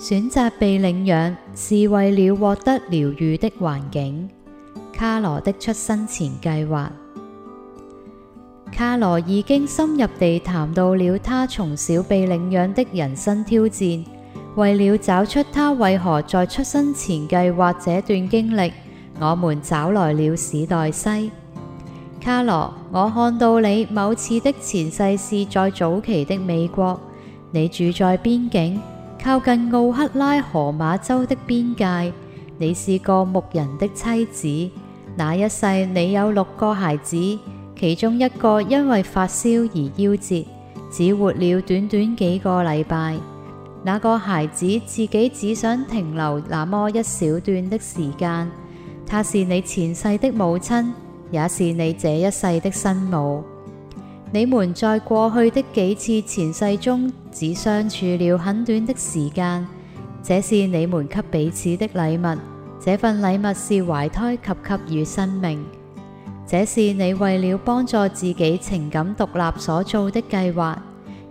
選擇被領養是為了獲得療癒的環境。卡羅的出生前計劃。卡羅已經深入地談到了他從小被領養的人生挑戰。為了找出他為何在出生前計劃這段經歷，我們找來了史黛西。卡羅，我看到你某次的前世是在早期的美國，你住在邊境。靠近奧克拉荷馬州的邊界，你是個牧人的妻子。那一世你有六個孩子，其中一個因為發燒而夭折，只活了短短幾個禮拜。那個孩子自己只想停留那麼一小段的時間。他是你前世的母親，也是你這一世的生母。你們在過去的幾次前世中。只相處了很短的時間，這是你們給彼此的禮物。這份禮物是懷胎及給予生命。這是你為了幫助自己情感獨立所做的計劃，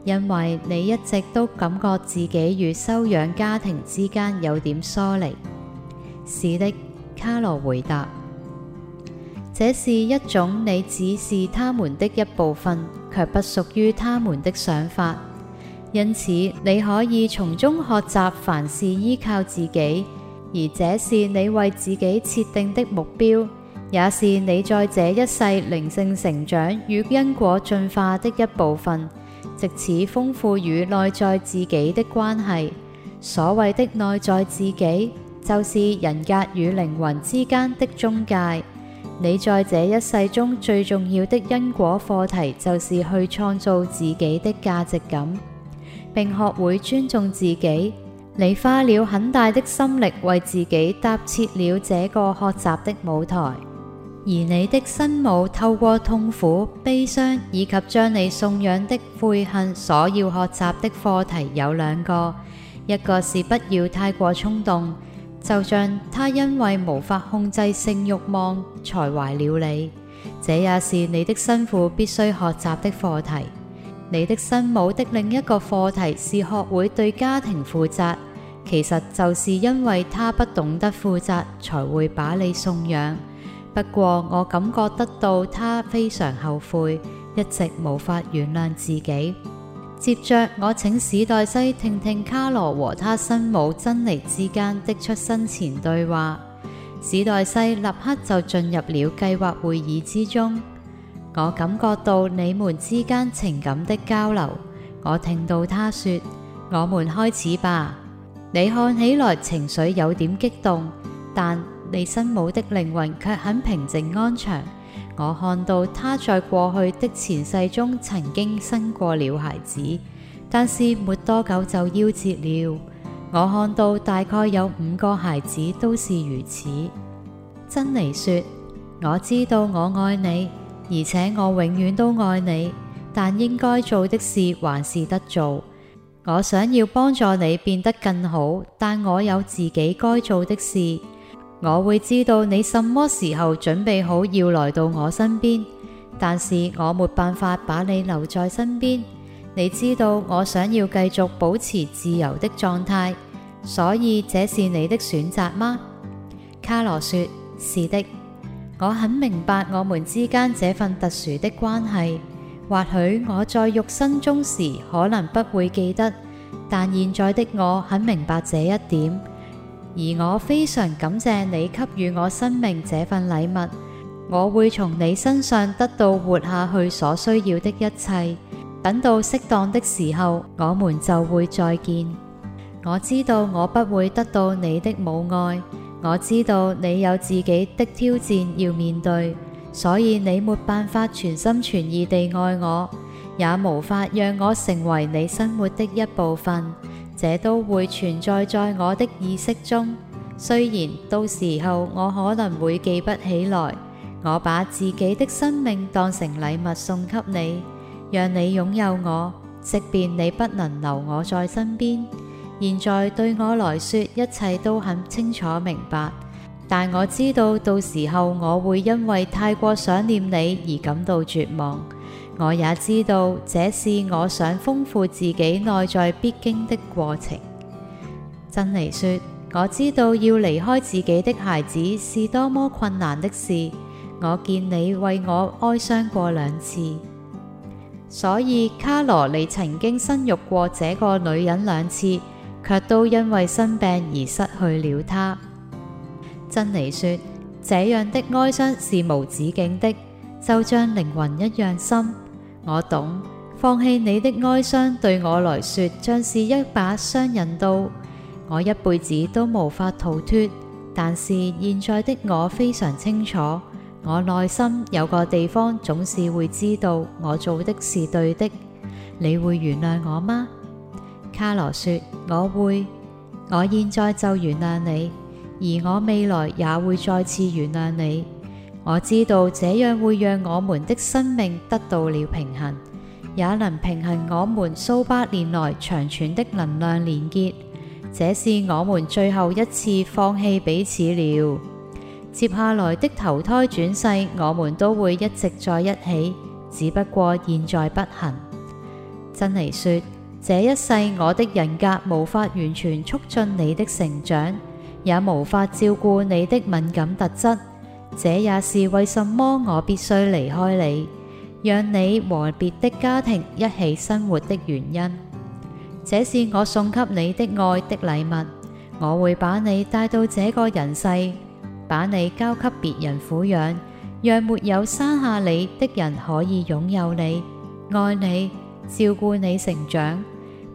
因為你一直都感覺自己與收養家庭之間有點疏離。是的，卡羅回答，這是一種你只是他們的一部分，卻不屬於他們的想法。因此，你可以從中學習，凡事依靠自己，而這是你為自己設定的目標，也是你在這一世靈性成長與因果進化的一部分，借此豐富與內在自己的關係。所謂的內在自己，就是人格與靈魂之間的中介。你在這一世中最重要的因果課題，就是去創造自己的價值感並學會尊重自己，你花了很大的心力為自己搭設了這個學習的舞台。而你的生母透過痛苦、悲傷以及將你送養的悔恨，所要學習的課題有兩個：一個是不要太過衝動，就像他因為無法控制性慾望才懷了你，這也是你的生父必須學習的課題。你的新母的另一個課題是學會對家庭負責，其實就是因為他不懂得負責，才會把你送養。不過我感覺得到他非常後悔，一直無法原諒自己。接著我請史黛西聽聽聽卡羅和他新母珍妮之間的出生前對話，史黛西立刻就進入了計劃會議之中。我感覺到你們之間情感的交流。我聽到他說：我們開始吧。你看起來情緒有點激動，但你生母的靈魂卻很平靜安詳。我看到他在過去的前世中曾經生過了孩子，但是沒多久就夭折了。我看到大概有五個孩子都是如此。珍妮說：我知道我愛你。而且我永遠都愛你，但應該做的事還是得做。我想要幫助你變得更好，但我有自己該做的事。我會知道你什麼時候準備好要來到我身邊，但是我沒辦法把你留在身邊。你知道我想要繼續保持自由的狀態，所以這是你的選擇嗎？卡羅說：是的。我很明白我們之間這份特殊的關係，或許我在肉身中時可能不會記得，但現在的我很明白這一點。而我非常感謝你給予我生命這份禮物，我會從你身上得到活下去所需要的一切。等到適當的時候，我們就會再見。我知道我不會得到你的母愛。我知道你有自己的挑戰要面對，所以你沒辦法全心全意地愛我，也無法讓我成為你生活的一部分。這都會存在在我的意識中，雖然到時候我可能會記不起來。我把自己的生命當成禮物送給你，讓你擁有我，即便你不能留我在身邊。現在對我來說，一切都很清楚明白，但我知道到時候我會因為太過想念你而感到絕望。我也知道這是我想豐富自己內在必經的過程。珍妮說，我知道要離開自己的孩子是多麼困難的事。我見你為我哀傷過兩次，所以卡羅，你曾經生育過這個女人兩次。卻都因為生病而失去了他。珍妮說，這樣的哀傷是無止境的，就像靈魂一樣深。我懂，放棄你的哀傷對我來說，像是一把雙刃刀，我一輩子都無法逃脱。但是現在的我非常清楚，我內心有個地方總是會知道我做的是對的。你會原諒我嗎？卡羅說：我會，我現在就原諒你，而我未來也會再次原諒你。我知道這樣會讓我們的生命得到了平衡，也能平衡我們數百年來長存的能量連結。這是我們最後一次放棄彼此了。接下來的投胎轉世，我們都會一直在一起，只不過現在不行。珍妮說。這一世我的人格無法完全促進你的成長，也無法照顧你的敏感特質。這也是為什麼我必須離開你，讓你和別的家庭一起生活的原因。這是我送給你的愛的禮物。我會把你帶到這個人世，把你交給別人撫養，讓沒有生下你的人可以擁有你，愛你，照顧你成長。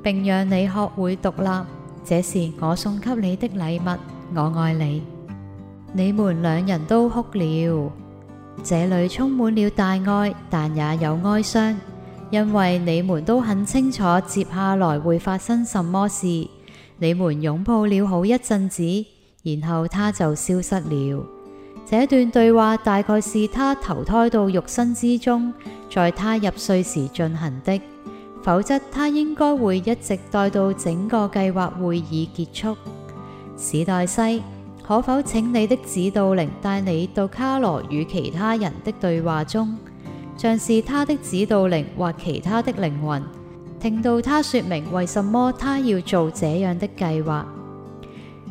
並讓你學會獨立，這是我送給你的禮物。我愛你。你們兩人都哭了。這裏充滿了大愛，但也有哀傷，因為你們都很清楚接下來會發生什麼事。你們擁抱了好一陣子，然後他就消失了。這段對話大概是他投胎到肉身之中，在他入睡時進行的。否則，他應該會一直待到整個計劃會議結束。史黛西，可否請你的指導靈帶你到卡羅與其他人的對話中，像是他的指導靈或其他的靈魂，聽到他說明為什麼他要做這樣的計劃？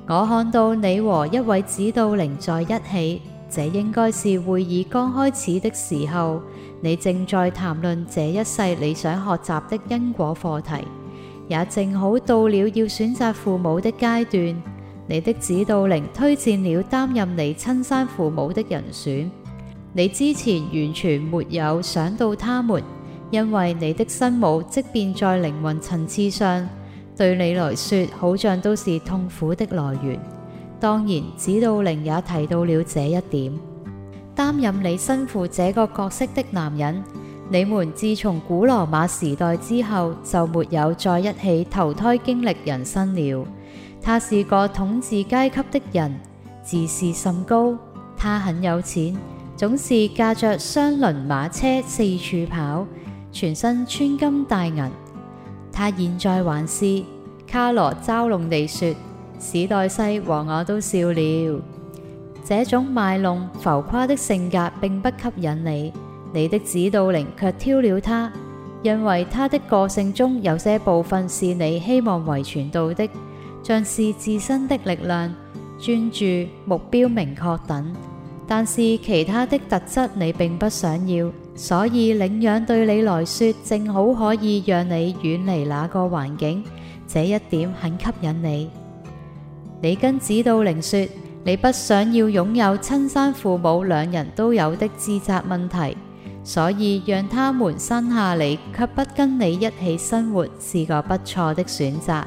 我看到你和一位指導靈在一起。這應該是會議剛開始的時候，你正在談論這一世你想學習的因果課題，也正好到了要選擇父母的階段。你的指導靈推薦了擔任你親生父母的人選，你之前完全沒有想到他們，因為你的生母即便在靈魂層次上對你來說，好像都是痛苦的來源。當然，指導靈也提到了這一點。擔任你身負這個角色的男人，你們自從古羅馬時代之後就沒有再一起投胎經歷人生了。他係個統治階級的人，自視甚高。他很有錢，總是駕着雙輪馬車四處跑，全身穿金戴銀。他現在還是，卡羅嘲弄地說。史黛西和我都笑了。這種賣弄浮誇的性格並不吸引你，你的指導靈卻挑了他，認為他的個性中有些部分是你希望遺傳到的，像是自身的力量、專注、目標明確等。但是其他的特質你並不想要，所以領養對你來說正好可以讓你遠離那個環境，這一點很吸引你。你跟指導靈說，你不想要擁有親生父母兩人都有的自責問題，所以讓他們生下你，卻不跟你一起生活，是個不錯的選擇。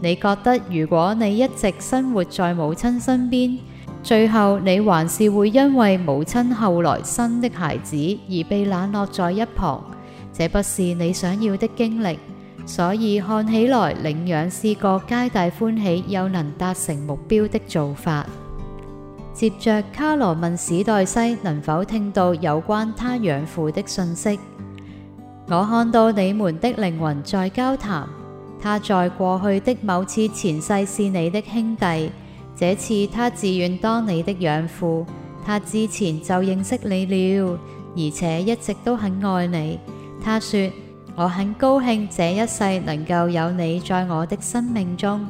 你覺得如果你一直生活在母親身邊，最後你還是會因為母親後來生的孩子而被冷落在一旁，這不是你想要的經歷。所以看起來領養是個皆大歡喜又能達成目標的做法。接着卡羅問史黛西能否聽到有關他養父的信息。我看到你們的靈魂在交談。他在過去的某次前世是你的兄弟。這次他自願當你的養父。他之前就認識你了，而且一直都很愛你。他說，我很高興這一世能夠有你在我的生命中。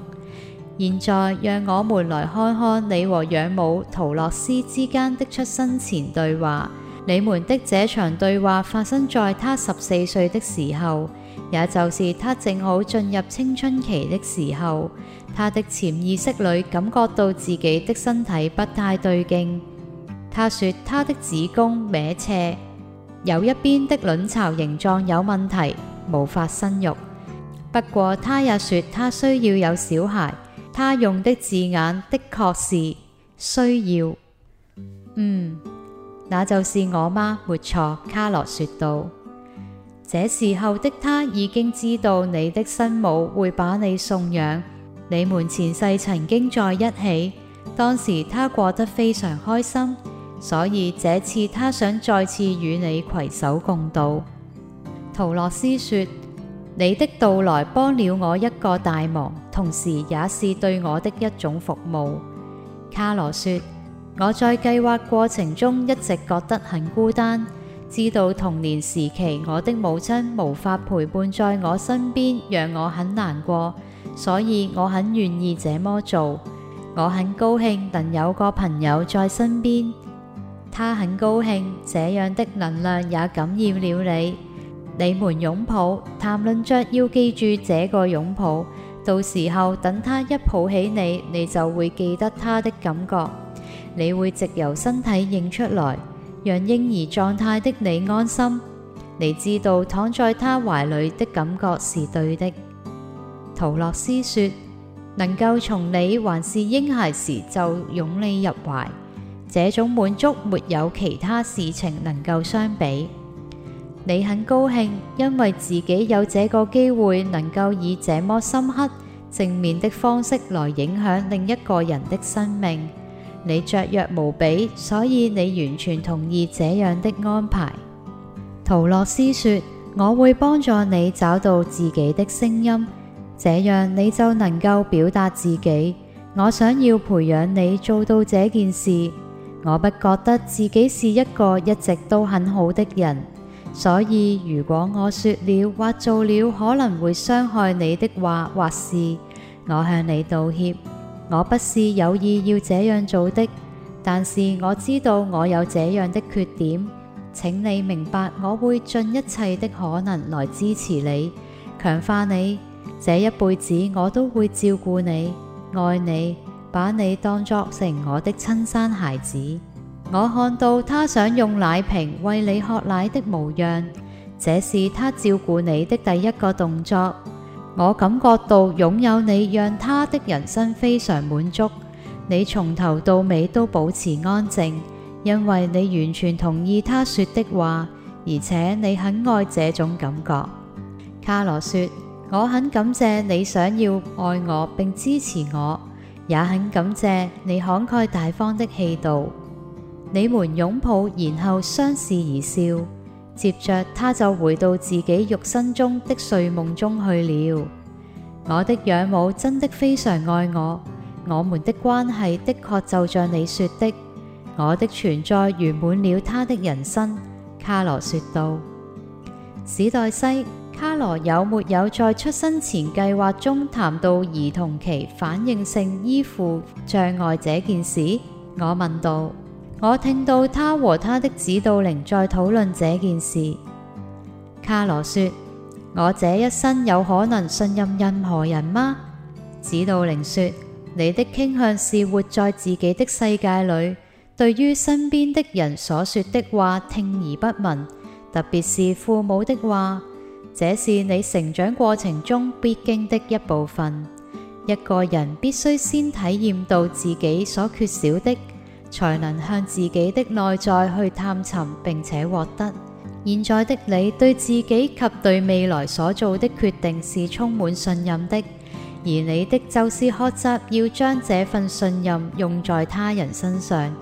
現在讓我們來看看你和養母陶洛斯之間的出生前對話。你們的這場對話發生在他十四歲的時候，也就是他正好進入青春期的時候。他的潛意識裏感覺到自己的身體不太對勁。他說他的子宮歪斜。有一邊的卵巢形狀有問題，無法生育。不過，他也說他需要有小孩。他用的字眼的確是需要。嗯，那就是我媽，沒錯。卡蘿說道。這時候的他已經知道你的生母會把你送養。你們前世曾經在一起，當時他過得非常開心。所以這次他想再次與你攜手共度。陶洛斯說：你的到來幫了我一個大忙，同時也是對我的一種服務。卡羅說：我在計劃過程中一直覺得很孤單，知道童年時期我的母親無法陪伴在我身邊，讓我很難過，所以我很願意這麼做。我很高興能有個朋友在身邊。他很高興，這樣的能量也感染了你。你們擁抱，談論着要記住這個擁抱。到時候等他一抱起你，你就會記得他的感覺。你會直由身體認出來，讓嬰兒狀態的你安心。你知道躺在他懷裏的感覺是對的。陶洛斯說，能夠從你還是嬰孩時就擁你入懷。這種滿足沒有其他事情能夠相比。你很高興，因為自己有這個機會，能夠以這麼深刻、正面的方式來影響另一個人的生命。你雀躍無比，所以你完全同意這樣的安排。陶洛斯說：我會幫助你找到自己的聲音，這樣你就能夠表達自己。我想要培養你做到這件事。我不覺得自己是一個一直都很好的人，所以如果我說了或做了可能會傷害你的話或事，我向你道歉。我不是有意要這樣做的，但是我知道我有這樣的缺點。請你明白，我會盡一切的可能來支持你、強化你。這一輩子我都會照顧你、愛你。把你當作成我的親生孩子，我看到他想用奶瓶餵你喝奶的模樣，這是他照顧你的第一個動作。我感覺到擁有你讓他的人生非常滿足。你從頭到尾都保持安靜，因為你完全同意他說的話，而且你很愛這種感覺。卡羅說：我很感謝你想要愛我並支持我。也很感謝你慷慨大方的氣度。你們擁抱，然後相視而笑，接著他就回到自己肉身中的睡夢中去了。我的養母真的非常愛我，我們的關係的確就像你說的，我的存在圓滿了她的人生。卡羅說道：史黛西。卡羅有沒有在出生前計劃中談到兒童期反應性依附障礙這件事？我問道。我聽到他和他的指導靈在討論這件事。卡羅說：我這一生有可能信任任何人嗎？指導靈說：你的傾向是活在自己的世界裏，對於身邊的人所說的話聽而不聞，特別是父母的話。這是你成長過程中必經的一部分。一個人必須先體驗到自己所缺少的，才能向自己的內在去探尋並且獲得。現在的你對自己及對未來所做的決定是充滿信任的，而你的就是學習要將這份信任用在他人身上，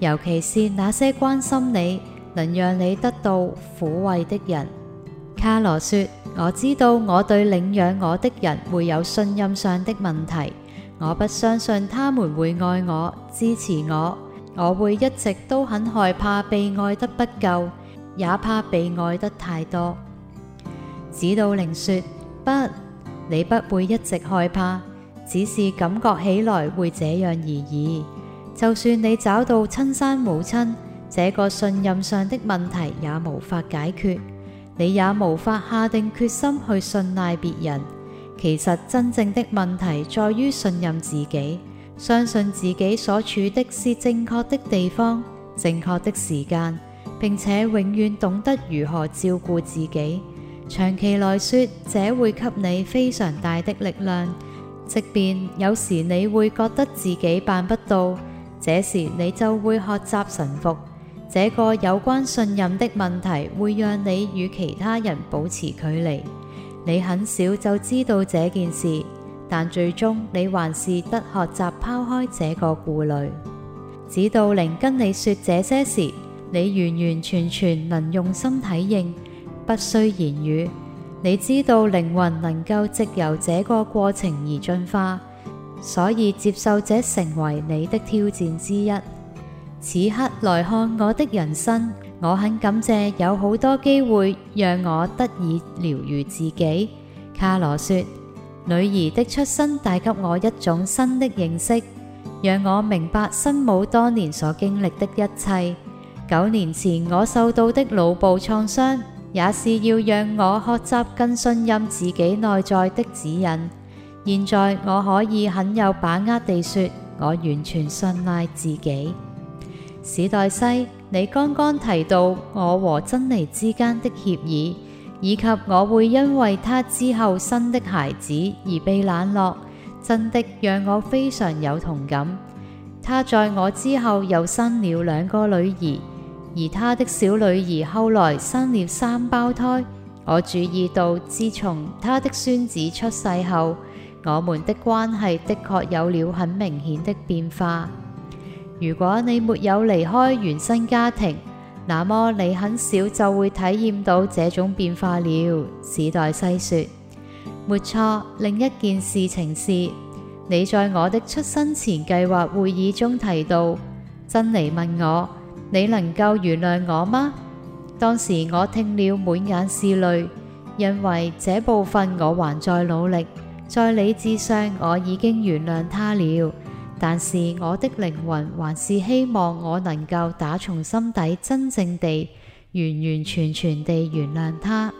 尤其是那些關心你，能讓你得到撫慰的人。卡羅說：我知道我對領養我的人會有信任上的問題，我不相信他們會愛我、支持我，我會一直都很害怕被愛得不夠，也怕被愛得太多。指導靈說：不，你不會一直害怕，只是感覺起來會這樣而已。就算你找到親生母親，這個信任上的問題也無法解決。你也無法下定決心去信賴別人。其實真正的問題在於信任自己，相信自己所處的是正確的地方、正確的時間，並且永遠懂得如何照顧自己。長期來說，這會給你非常大的力量。即便有時你會覺得自己辦不到，這時你就會學習臣服。這個有關信任的問題會讓你與其他人保持距離。你很小就知道這件事，但最終你還是得學習拋開這個顧慮。指導靈跟你說這些時，你完完全全能用心體認，不需言語。你知道靈魂能夠藉由這個過程而進化，所以接受這成為你的挑戰之一。此刻來看我的人生，我很感謝有好多機會讓我得以療癒自己。卡羅說，女兒的出生帶給我一種新的認識，讓我明白生母多年所經歷的一切。九年前我受到的腦部創傷，也是要讓我學習更信任自己內在的指引。現在我可以很有把握地說，我完全信賴自己。史黛西，你剛剛提到我和珍妮之間的協議，以及我會因為她之後生的孩子而被冷落，真的讓我非常有同感。她在我之後又生了兩個女兒，而她的小女兒後來生了三胞胎。我注意到自從她的孫子出世後，我們的關係的確有了很明顯的變化。如果你沒有離開原生家庭，那麼你很少就會體驗到這種變化了。史黛西說，沒錯。另一件事情是，你在我的出生前計劃會議中提到，珍妮問我，你能夠原諒我嗎？當時我聽了滿眼是淚，因為這部分我還在努力，在理智上我已經原諒他了。但是我的靈魂還是希望我能夠打從心底真正地完完全全地原諒他。